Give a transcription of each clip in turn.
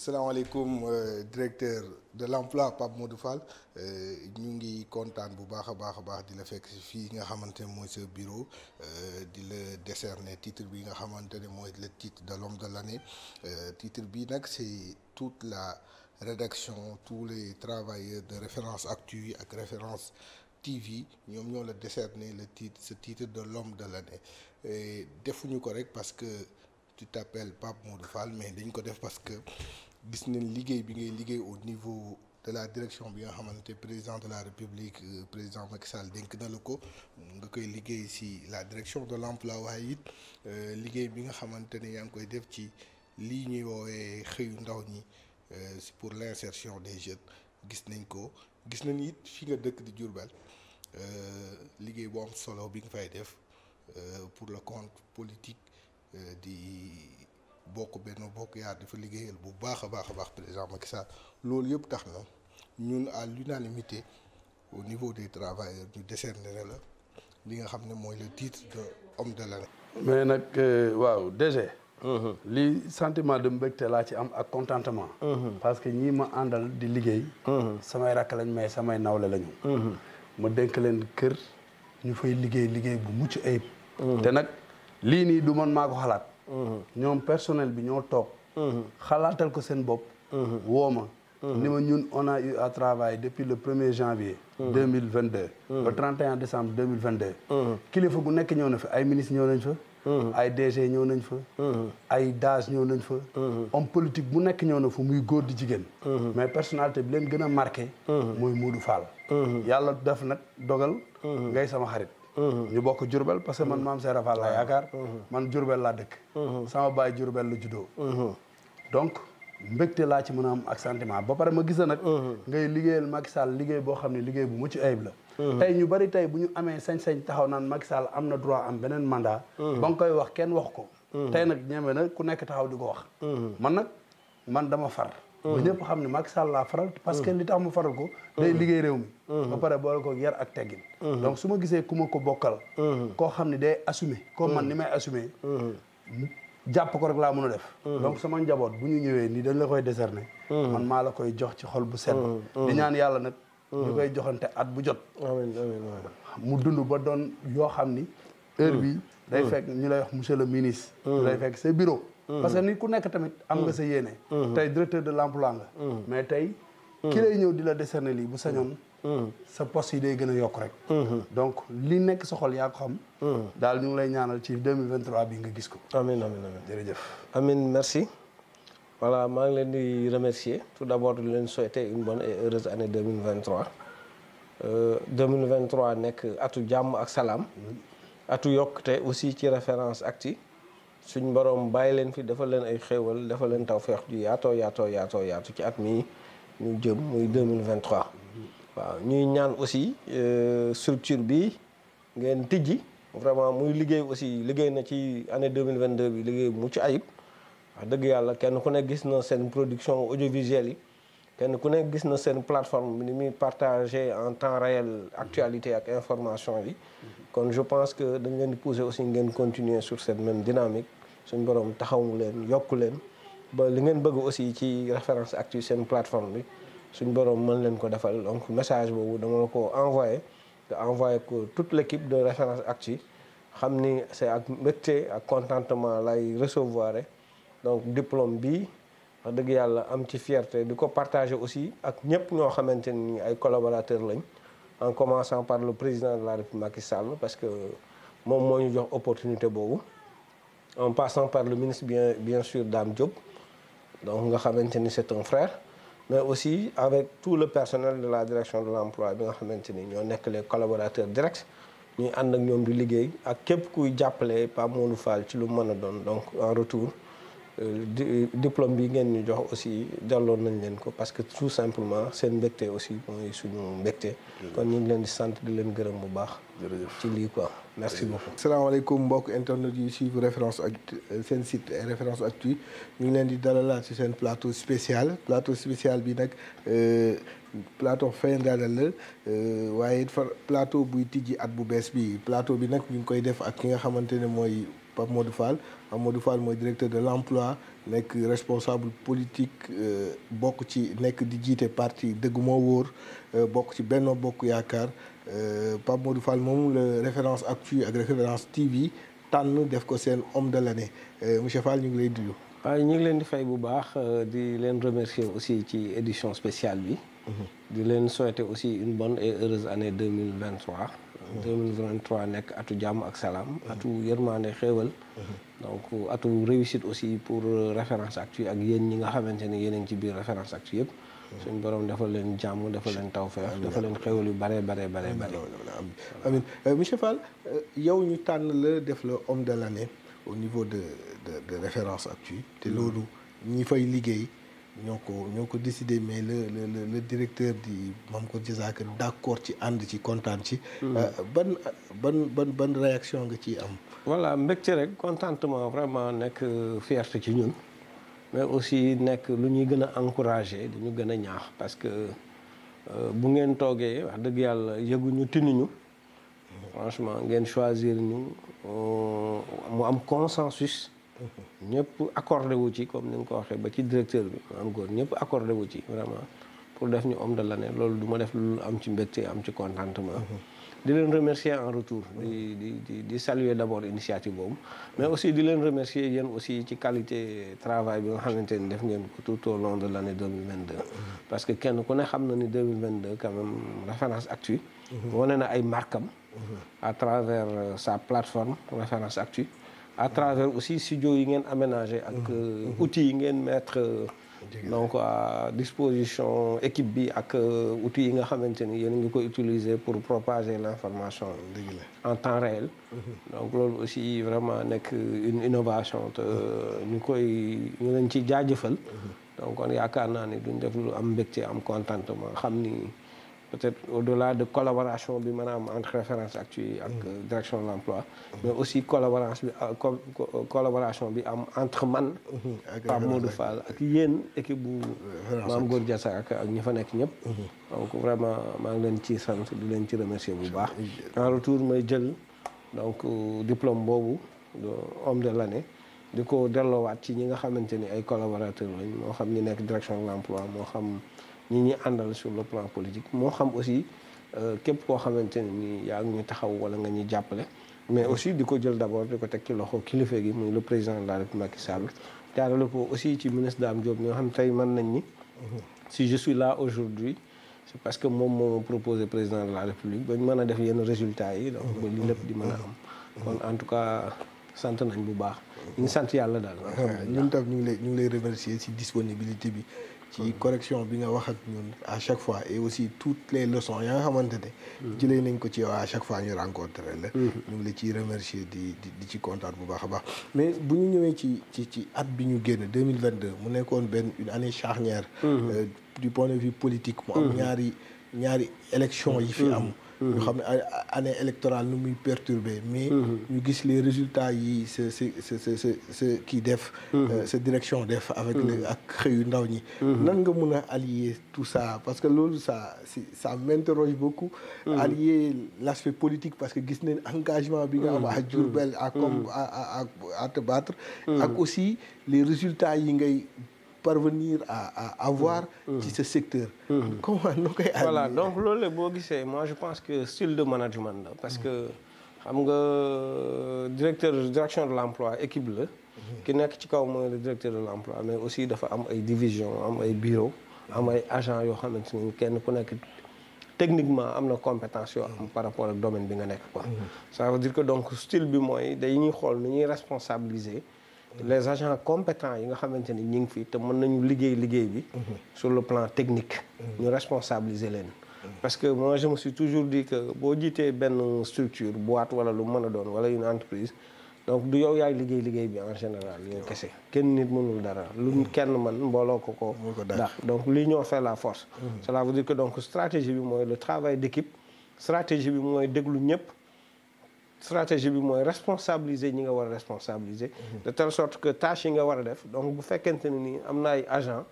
salaamaaleykum euh, directeur de l'emploi Pape Modou Fall euh, ñu ngi kontaan bu baax a baax a baax di la fekk fii nga xamante ne mooy sa bureau euh, di la décerner titre bi nga xamante ne mooy le titre de l'homme de l'année euh, titre bi nag c'est toute la rédaction tous les travailleurs de Référence Actu ak Référence TV ñoom ñoo la décerner le titre ce titre de l'homme de l'année defuñu ko rek parce que tu t'appelles Pape Modou Fall mais dañ ko def parce que gis nañ liggéey bi ngay liggéey au niveau de la direction bi nga xamante président de la république euh, président Macky Sall dénk na la ko nga koy liggéey si la direction de l'emploi waaye it euh, liggéey bi nga xamante ne yaa ngi koy def ci lii ñuy woowee xëyu ndaw ñi euh, ci pour l'insertion des jeunes gis nañ ko gis nañ it fi nga dëkk di Diourbel liggéey boo am solo bi nga fay def pour le compte politique bokk benn bokk yaar dafa liggéeyal bu baax a baax a baax président Macky Sall loolu yëpp tax na ñun à l'unanimité au niveau de travailleurs ñu décerner la li nga xam ne mooy le titre de homme de l'année mais nag euh, waaw DG mhm. li sentiment de mbégte laa ci am ak contentement mhm. parce que ñii ma àndal di liggéey mhm. samay rakk lañ may samay nawle lañu ma dénk leen kër ñu fay liggéey liggéey bu mucc ayib te nag lii nii du man maa ko xalaat Mm-hmm. ñoom personnel bi ñoo toog. Mm-hmm. xalaatal ko seen bopp. Mm-hmm. woo ma. ni ma ñun on a eu à travailler depuis le premier janvier. deux mille vingt deux. le trente et un décembre deux mille vingt kilifa gu nekk ñoo na fa ay ministres ñëw nañ fa. ay DG ñëw nañ fa. ay DAGE ñëw nañ fa. homme politique bu nekk ñëw na fu muy góor di jigéen. mais personnalité bi leen gën a marqué. mooy Modou Fall. yàlla def nag dogal. ngay sama xarit. ñu bokk Diourbel parce que man maam Seera Fall laa yaakaar man Diourbel laa dëkk sama baay Diourbel la juddoo donc mbégte laa ci mën a am ak sentiment ba pare ma gisa nag ngay liggéeyal Macky Sall liggéey boo xam ne liggéey bu mucc ayib la tey ñu bari tey bu ñu amee sañ-sañ taxaw naan Macky Sall am na droit am beneen mandat ba nga koy wax kenn wax ko tey nag ñeme na ku nekk taxaw di ko wax man nag man dama far ba ñëpp xam ne Macky Sall laa faral parce que li tax mu faral ko day liggéey réew mi ba pare boole ko yar ak teggin donc su ma gisee ku ma ko bokkal koo xam ne day assumé comme man ni may assumer jàpp ko rek laa mën a def donc sama njaboot bu ñuy ñëwee nii dañ la koy décerner man maa la koy jox ci xol bu sedd di ñaan yàlla nag ñu koy joxante at bu jot mu dund ba doon yoo xam ni heure bi day fekk ñu lay wax monsieur le ministre ñu hmm. lay fekk sa bureau Mm-hmm. parce que nit ku nekk tamit am nga sa yéene. Mm-hmm. tey directeur de l'emploi nga. Mm-hmm. mais tey. ki lay ñëw di la décerner lii bu sañoon. sa post yi day gën a yokk rek. donc li nekk sa xol yaa ko xam. daal ñu lay ñaanal ci 2023 bi nga gis ko. amiin amiin amiin jërëjëf. amiin merci. voilà maa ngi leen di remercier tout abor di leen soo souhaiter une bonne et heureuse année 2023. 2023 euh, nekk atu jàmm ak salaam. atu yokkute aussi ci référence acti suñ borom bàyyi leen fii dafa leen ay xéewal dafa leen tawfeex ju yaatoo yaatoo yaatoo yaatu ci at mii ñu jëm muy 2023 waaw ñuy ñaan aussi euh, structure bi ngeen tijji vraiment muy liggéey aussi liggéey na ci année 2022 bi liggéey mucc ayib wax dëgg yàlla kenn ku ne gis na seen production audiovisuelle yi kenn ku ne gis na seen plateforme bi ni muy partagé en temps réel actualité ak information yi kon je pense que dañ leen di pousser aussi ngeen continuer sur cette même dynamique suñ borom taxawu leen yokku leen ba li ngeen bëgg aussi ci référence actu seen plateforme bi suñ borom mën leen ko defal donc message boobu dama la ko envoyé te envoyé ko toute l' équipe de référence actu xam ni c' est ak mbégte ak contentement lay recevoir donc diplôme bi a dëgg yàlla am ci fierté di ko partager aussi ak ñëpp ñoo xamante nii ay collaborateurs lañ en commençant par le président de la République Macky parce que moom moo ñu jox opportunité boobu. en passant par le ministre bien bien sûr Dame Diop donc nga xamante ni c'est un frère mais aussi avec tout le personnel de la direction de l'emploi bi nga xamante ni ñoo nekk les collaborateurs directs ñuy ànd ak ñoom di liggéey ak képp kuy jàppale Pape Modou Fall ci lu mën a doon donc en retour euh, diplôme bi ngeen ñu jox aussi jàlloon nañ leen ko parce que tout simplement seen mbégte aussi mooy suñu mbégte kon ñu ngi leen di sant di leen gërëm bu baax ci lii quoi merci beaucoup asalaamaaleykum mbokk internet yi suivre référence actu seen site référence actu ñu ngi leen di dalalaat ci seen plateau spécial plateau spécial bi nag euh, plateau fin d'année la euh, waaye it fa plateau buy tijji at bu bees bi plateau bi nag ñu ngi koy def ak ki nga xamante ne mooy Pape Modou Fall Pape Modou Fall mooy directeur de l'emploi nekk responsable politique euh, bokk ci nekk di jiite parti dëgg moo wóor euh, bokk ci Benno Bokk Yaakaar euh, Pape Modou Fall moom la référence actu ak référence TV tànn def ko seen homme de l'année monsieur Fall ñu ngi lay duyu waaye ñu ngi leen di fay bu baax di leen remercier aussi ci édition spéciale bi di leen souhaiter aussi une bonne e heureuse année 2023 2023 nekk atu jàmm ak salaam atu yërmaande xéewal donc atu réussite aussi pour euh, référence actu ak yéen ñi nga xamante ne yéen a ngi ci biir référence actu yëpp suñ borom defal leen jàmm defal leen tawfeex defal leen xéwal yu bare bare bare bare amin euh, monsieur Fall euh, yow ñu tànn la def la homme de l'année au niveau de de référence actu te mm. loolu ñi fay liggéey ñoo ko ñoo ko décidé mais le le le directeur di Mame Goor Diazaka d'accord ci ànd ci kontaan ci. Hmm. Euh, ban ban ban ban réaction nga ciy am. voilà mbégte rek contentement vraiment nekk euh, fierté ci ñun mais aussi nekk lu ñuy gën a encourager di ñu gën a ñaax parce que euh, bu ngeen toogee wax dëgg yàlla yëguñu tinuñu franchement ngeen choisir ñu mu am consensus. ñëpp accordé wu ci comme ni nga ko waxee ba ci directeur bi maanaam góor ñëpp accordé wu ci vraiment pour def ñu om de l'année loolu du ma def lu am ci mbégte am ci contentement di leen remercier en retour di di di saluer d'abord initiative boobu mais aussi di leen remercier yéen aussi ci qualité travail bi nga xamante ni def ngeen tout au long de l'année 2022 parce que kenn ku ne xam na ni 2022 quand même référence actu mhm. wane na ay markam à travers euh, sa plateforme référence actu à travers aussi studio yi ngeen aménagé. ak mm-hmm. euh, outi yi ngeen metre euh, donc a disposition équipe bi ak euh, outils yi nga xamante ni yéen ngi koy utiliser pour propager l' information. en temps réel. Mm-hmm. donc loolu aussi vraiment nekk une innovation te ñu koy ñu leen ci jaajëfal. Mm-hmm. donc kon yaakaar naa ni duñ def lu am ci am contentement xam ni. peut-être au-delà de collaboration bi maanaam entre référence actu yi ak euh, direction de l'emploi mais aussi euh, collaboration bi bi am entre man mhm. Pape Modou Fall ak yéen équipe bu Mame Goor Diazaka ak ñi fa nekk ñëpp mhm. donc vraiment maa ngi leen ci sant di leen ci remercier bu baax en retour may jël donc euh, diplôme boobu de homme de l'année di ko delloowaat ci ñi nga xamante ni ay collaborateurs lañ moo xam ñi nekk direction de l'emploi moo xam ñi ñuy àndal sur le plan politique moo xam aussi euh, képp koo xamante ne ni yaa ngi ñu taxaw wala nga ñuy jàppale mais aussi di ko jël d'abord di ko teg ci loxo kilifa gi muy le président de la République Macky Sall jaarale ko aussi ci ministre Dame Diop ñoo xam tey man nañ ni si je suis là aujourd'hui c'est parce que moom moo proposé président de la République bañ mën a def yenn résultat yi donc ba li lépp di mën a am kon en tout cas sant nañ bu baax ñu ngi sant yàlla daal ñun tam ñu ngi lay ñu ngi lay remercier ci disponibilité bi ci correction bi nga wax ak ñun à chaque fois et aussi toutes les leçons ya nga xamante ne mm-hmm. jëlee nañ ko ci yow à chaque fois ñu rencontré la mm-hmm. ñu ngi la ciy remercier di di ci kontaan bu baax a baax mais bu ñu ñëwee ci ci ci at bi ñu génn 2022 mu nekkoon benn une année charnière mm-hmm. euh, du point de vue politique mu am ñaari ñaari élection yi fi am ñu xam ne année électorale nu muy perturbé mais mm-hmm. ñu gis les résultats yi sa sa sa sa sa kii def sa mm-hmm. euh, direction def avec mm-hmm. ak xëyu ndaw ñi nan nga mun a allier tout ça parce que loolu sa ça ça m'interroge beaucoup allier l'aspect politique parce que gis nañ engagement bi nga am à Diourbel à comme à à à te battre ak aussi les résultats yi ngay parvenir à à avoir. Mm-hmm. Mm-hmm. ci ce secteur. Mm-hmm. comment noo koy. voilà donc loolu la boo gisee moi je pense que style de management la parce que xam nga euh, directeur direction de l'emploi équipe la. ki nekk ci kaw mooy le directeur de l'emploi mais aussi dafa am ay division am ay bureau am ay agent yoo xamante ni kenn ku nekk. techniquement am na compétence yoo am par rapport a domaine bi nga nekk quoi ça veut style bi mooy dañuy xool nu ñuy responsabiliser les agents compétents yi nga xamante ni ñu ngi fi te mën nañu liggéey liggéey bi. sur le plan technique. ñu responsabiliser leen. parce que moi je me toujours di que boo jiitee benn structure boîte wala lu mën a doon wala une entreprise donc du yow yaay liggéey liggéey bi en général yow kese kenn nit mënul dara lu mm-hmm. kenn man mbooloo ko ko dax donc lii ñoo fait la force mm-hmm. cela veut dire que donc stratégie bi mooy le travail d'équipe stratégie bi mooy déglu ñëpp stratégie bi mooy responsabiliser ñi nga war a responsabiliser. Mhm. de telle sort que tâche yi nga war a def donc bu fekkente ne nii am na ay agent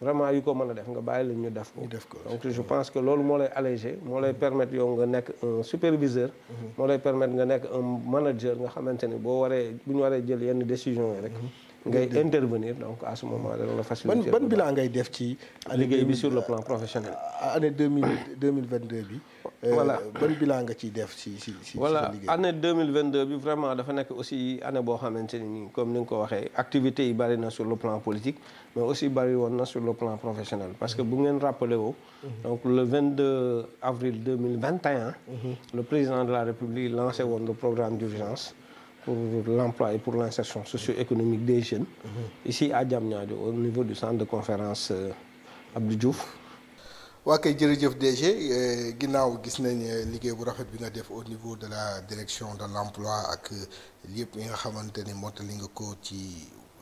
vraiment yu ko mën a def nga bàyyi la ñu def ko. def ko donc je pense que loolu moo lay alléger moo lay permettre yow nga nekk un superviseur. Mhm. moo lay permettre nga nekk un manager nga xamante ni boo waree bu ñu waree jël yenn décisions yi rek. Mhm. ngay intervenir donc à ce moment là la facilité. ban ban bilan def ci. liggéey bi sur le plan professionnel. Euh, année bi. Euh, voilà dafa nekk aussi année boo xamante ni comme ni nga ko waxee activités yi sur le plan politique mais aussi bari woon na sur le plan professionnel parce que bu ngeen rappelé mhm. donc le avril deux mhm. président de la république lancé woon le programme d'urgence pour l'emploi et pour l'insertion socio-économique des jeunes, mmh. ici à Diamniadio, au niveau du centre de conférence euh, Abdou Diouf. waa kay jërëjëf DG eh, ginnaaw gis nañ eh, liggéey bu rafet bi nga def au niveau de la direction de l'emploi ak eh, yëpp yi nga xamante ni mottali nga ko ci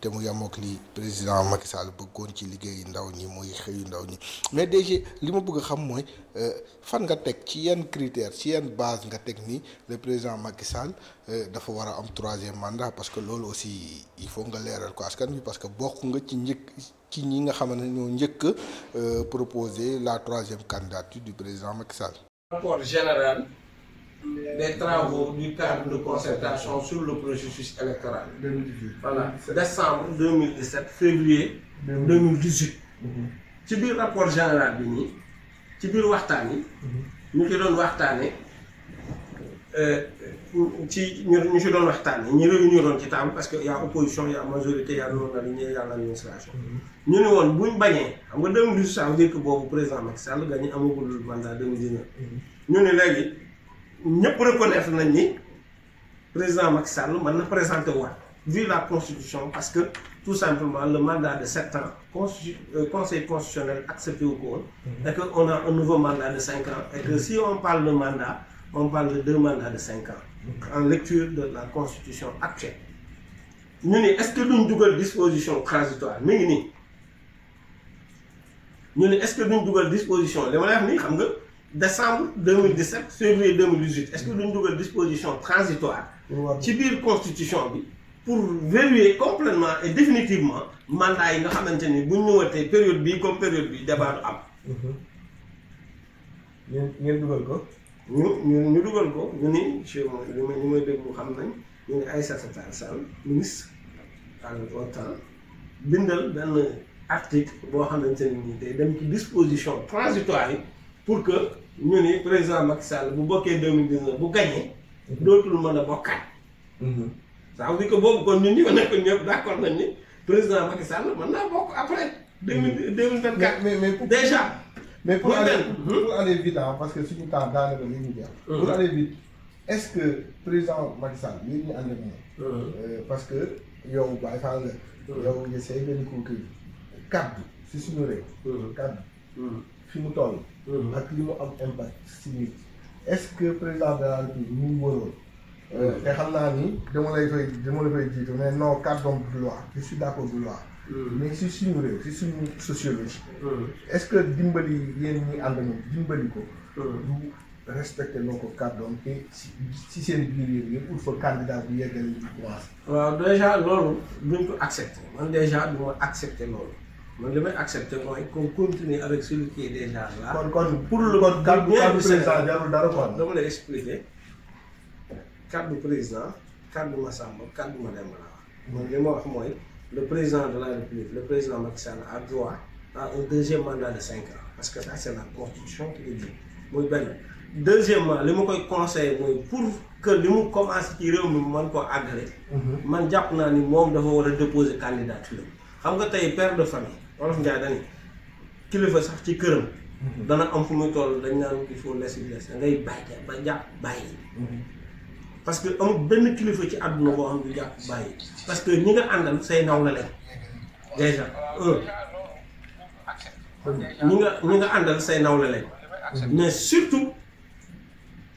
te mu yemook li président Macky Sall bëggoon ci liggéey ndaw ñi mooy muy xëyu ndaw ñi mais DG li ma bëgg xam mooy euh, fan nga teg ci yenn critère ci yenn base nga teg ni le président Macky euh, dafa war a am troisième mandat parce que loolu aussi il faut nga leeral ko askan bi parce que bokk nga ci njëkk ci ñi nga xam ne ñoo njëkk euh, proposer la troisième candidature du président Macky des travaux du cadre de concertation sur le processus électoral. 2018 voilà décembre 2017 février. 2018. ci biir rapport général bi nii ci biir waxtaan yi. ñu ci doon waxtaanee euh, ci ñu ñu ci doon waxtaanee ñu réunir ci taamu parce que y' a opposition y' a majorité y' a non aligné y' a administration. Mhm. ñu ne woon bu ñu bañee xam nga 2018 ça veut dire que boobu président Macky Sall gagné amagul mandat 2019. Mhm. ñu ne léegi. ñëpp reconnaître nañ ni président Macky Sall mën na présenté waat vu la constitution parce que tout simplement le mandat de sept ans constitu euh, conseil constitutionnel accepté wu ko woon. Mhm. et que on a un nouveau mandat de cinq ans. et que si on parle de mandat on parle de deux mandats de cinq ans. Mhm. en lecture de la constitution actuelle. ñu ni est-ce que duñ dugal disposition transitoire mi ngi nii ñu ni est-ce que duñ dugal disposition li ma lay wax nii xam nga. décembre 2017 février 2018 est-ce que duñ dugal disposition transitoire ci biir constitution bi pour verrouiller complètement et définitivement mandat yi nga xamante ni buñ ñëwatee période bii comme période bii débat am mhm. ngeen ngeen dugal ko ñu ñu ñu dugal ko ñu ni chez moi ma ñu may déglu xam nañ ñu ngi Aïssata Tall Sall ministre au temps bindal benn article boo xamante ni day dem ci disposition transitoire yi pour que ñu ni président Macky Sall bu bokkee deux mille dix bu gañee dootul mën a bokkaat. Mhm. ça veut dire que ko kon ñun ñoo nekk ñëpp d' accord nañ ni président Macky man mën naa bokk après. deux mille mhm. deux mille mais mais pour déjà. mais pour aller mhm. parce que suñu temps daanaka li ñu jeex. pour ce que président Macky Sall lii ñu ànd ak moom. Euh, parce que yow Baye Fall nga. yow nga say benn kooku kàddu si suñu réew. kàddu. fi mu toll. Mhm. ak li mu am impact si nit est-ce que président de la République mu ngi te xam naa ni dama lay fay dama la fay jiitu mais non cadre de loi je d'accord de loi. Mhm. mais si suñu réew si suñu sociologie. Mhm. est-ce que dimbali yéen ñi ànd nañu dimbali ko. du respecté loo ko kàddoom te si si seen biir yéen yëpp pour fa candidat bu yeggali bi commencé. waaw déjà loolu duñ ko accepté man déjà du ma accepté loolu. man li may accepté mooy qu'on continue avec celui qui est déjà là. kon kon pour lu kon kàddu kàddu président jarul président kàddu Massamba kàddu Mademba laa wax. man li mooy le président de la république le président a à un deuxième mandat de cinq parce que ça c' est la constitution qui le dit muy benn. li ma koy conseillé mooy pour que li mu commencé ci réew mi man koo àggale. Mhm. man jàpp naa ni moom dafa war a déposer candidature. xam nga tey père de famille. wolof njaay kilifa sax ci këram. Mhm. dana am fu muy toll dañ naan il faut laisser laisser ngay bàyyi ba bàyyi. Mhm. parce que amul benn kilifa ci àdduna boo xam du jàpp bàyyi parce que ñi nga àndal say naw la leen déjà un ñi nga ñi nga àndal say naw leen mais surtout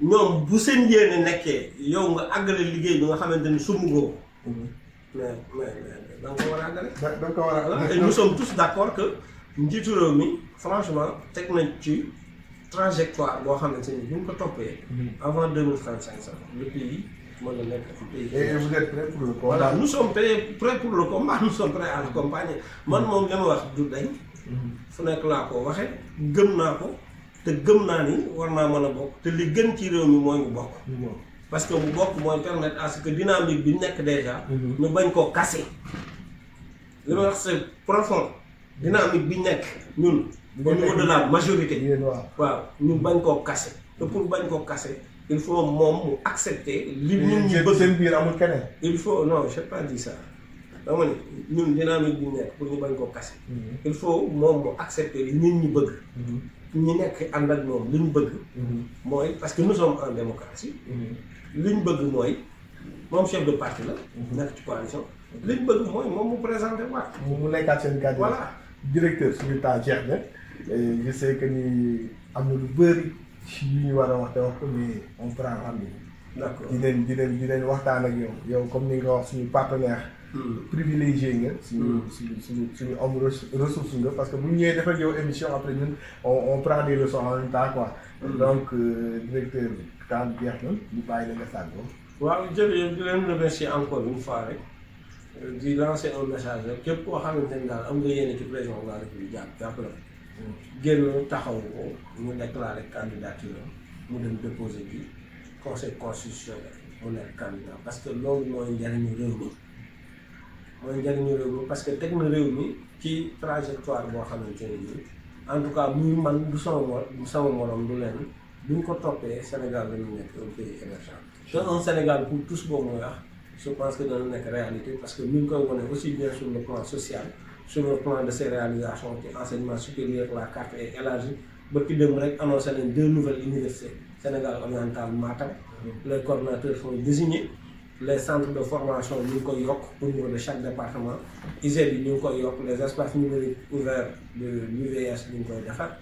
ñoom bu seen yéene nekkee yow nga àggale liggéey bi nga xamante ni sumb mhm. mais da nga ko war a àggale. da da nga ko war a àggale. nous sommes tous d' accord que njiitu réew mi franchement teg nañ ci trajectoire boo xamante ni bu ñu ko toppee. Mm-hmm. avant deux mille trente cinq sax le pays mën na nekk un pays. et vous êtes prêts pour le combat. voilà nous sommes prêts pour le combat nous sommes prêts à l'accompagner man mm-hmm. moom li ma wax du dañ. Mm-hmm. fu nekk laa ko waxee gëm naa ko. te gëm naa ni war naa mën a bokk te li gën ci réew mi mooy mu bokk parce que bu bokk mooy permettre à ce que dynamique bi nekk déjà ñu bañ koo kase li ma wax c'est profond bi nekk ñun. au niveau de la majorité. waaw ñu bañ koo kase. te pour bañ koo kase il faut moom mu accepter. li ñun ñu bëgg seen biir amul keneen. il faut non j'ai pas dit ça. dama ne ñun dynamique bi nekk pour ñu bañ koo kase. Mhm. il faut moom mu accepter li ñun ñu bëgg. Mhm. ñu nekk ànd ak moom li ñu bëgg. Mhm. mooy parce que nous sommes en démocratie. li ñu bëgg mooy moom chef de parti la. nekk ci coalition. li ñu bëgg mooy moom mu présenté waat. mu nekkaat seen kàddu voilà directeur suñu temps jeex na. je sais que ni am na lu bëri yu ñu war a wax te wax ko mais on prend rendez-vous. d' accord di leen di leen waxtaan ak yow yow comme ni nga wax suñu partenaire. Hmm. privilégié nga. suñu hmm. suñu suñu suñu am ressource nga parce que bu ñu ñëwee defal yow émission après ñun on on prend des leçons en même temps quoi. Hmm. donc euh, directeur temps jeex na ñu bàyyi la nga sàggoo. waaw jërëjëf di leen remercier di lancer un message rek képp koo xamante ni daal am nga yéene ci président de la République jàpp la génn taxaw ko mu déclaré candidature mu dem déposé bi conseil constitutionnel mu nekk candidat parce que loolu mooy njëriñu réew mi mooy njëriñu réew mi parce que teg na réew mi ci trajectoire boo xamante ne nii en tout cas muy man du sama mor du morom du leen bu ñu ko toppee Sénégal la ñu nekk un pays te un Sénégal pour tous boobu mooy wax je pense que dana nekk réalité parce que ñu ngi koy wane aussi bien sur le plan social sur le plan de ses réalisations ci enseignement supérieur la carte est élargie ba ki dem rek annoncé nañ deux nouvelles universités Sénégal oriental Matam mm-hmm. les coordonnateurs sont désignés les centres de formation ñu ngi koy yokk pour niveau de chaque département ISED yi ñu ngi ko yokk les espaces numériques ouverts de l'UVS ñu ngi koy defar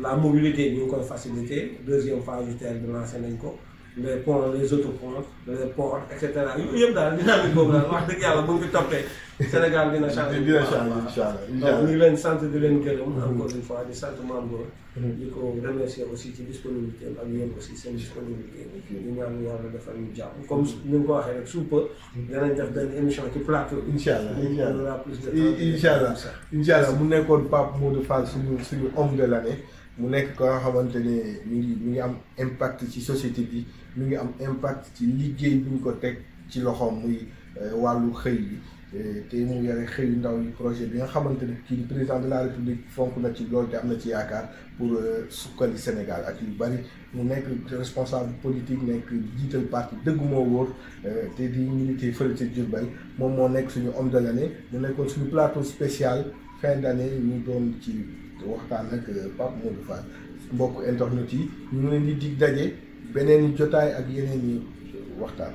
la mobilité ñu ngi koy faciliter deuxième phase du TER bi lancé nañ ko les ponts les autoponts les ports et cetera yooyu yëpp daal dynamique boobu daal wax dëgg yàlla bu ñu ko toppee Sénégal dina changé. dina changé incha allah ñu ngi leen sant di leen gërëm. encore une fois sant Mambo. Mm-hmm. di ko remercier aussi ci disponibilité am ak yéen aussi seen disponibilité. ñu ñaan yàlla defal ñu jàmm comme ni nga ko rek suupa. danañ def benn émission ci plateau. incha allah incha allah incha allah incha allah mu nekkoon Pape Modou Fall suñu suñu de l'année. mu nekk ko nga xamante ne mi ngi mi ngi am impact ci société bi mu ngi am impact ci liggéey bi ñu ko teg ci loxoom muy euh, wàllu xëy bi euh, te mu yore xëy ndaw yi projet bi nga xamante ne kii di président de la république fonk na ci loolu de am na ci yaakaar pour euh, sukkali Sénégal ak yu bari mu nekk responsable politique nekk jiital parti dëgg moo wóor te di milité fële ca Diourbel moom moo nekk suñu homme de l'année mu nekkoon suñu plateau spécial fin ne ñu doon ci. waxtaan ak euh, Pape Modou Fall mbokk internet yi ñu ngi leen di dig daje beneen jotaay ak yeneen yi waxtaan.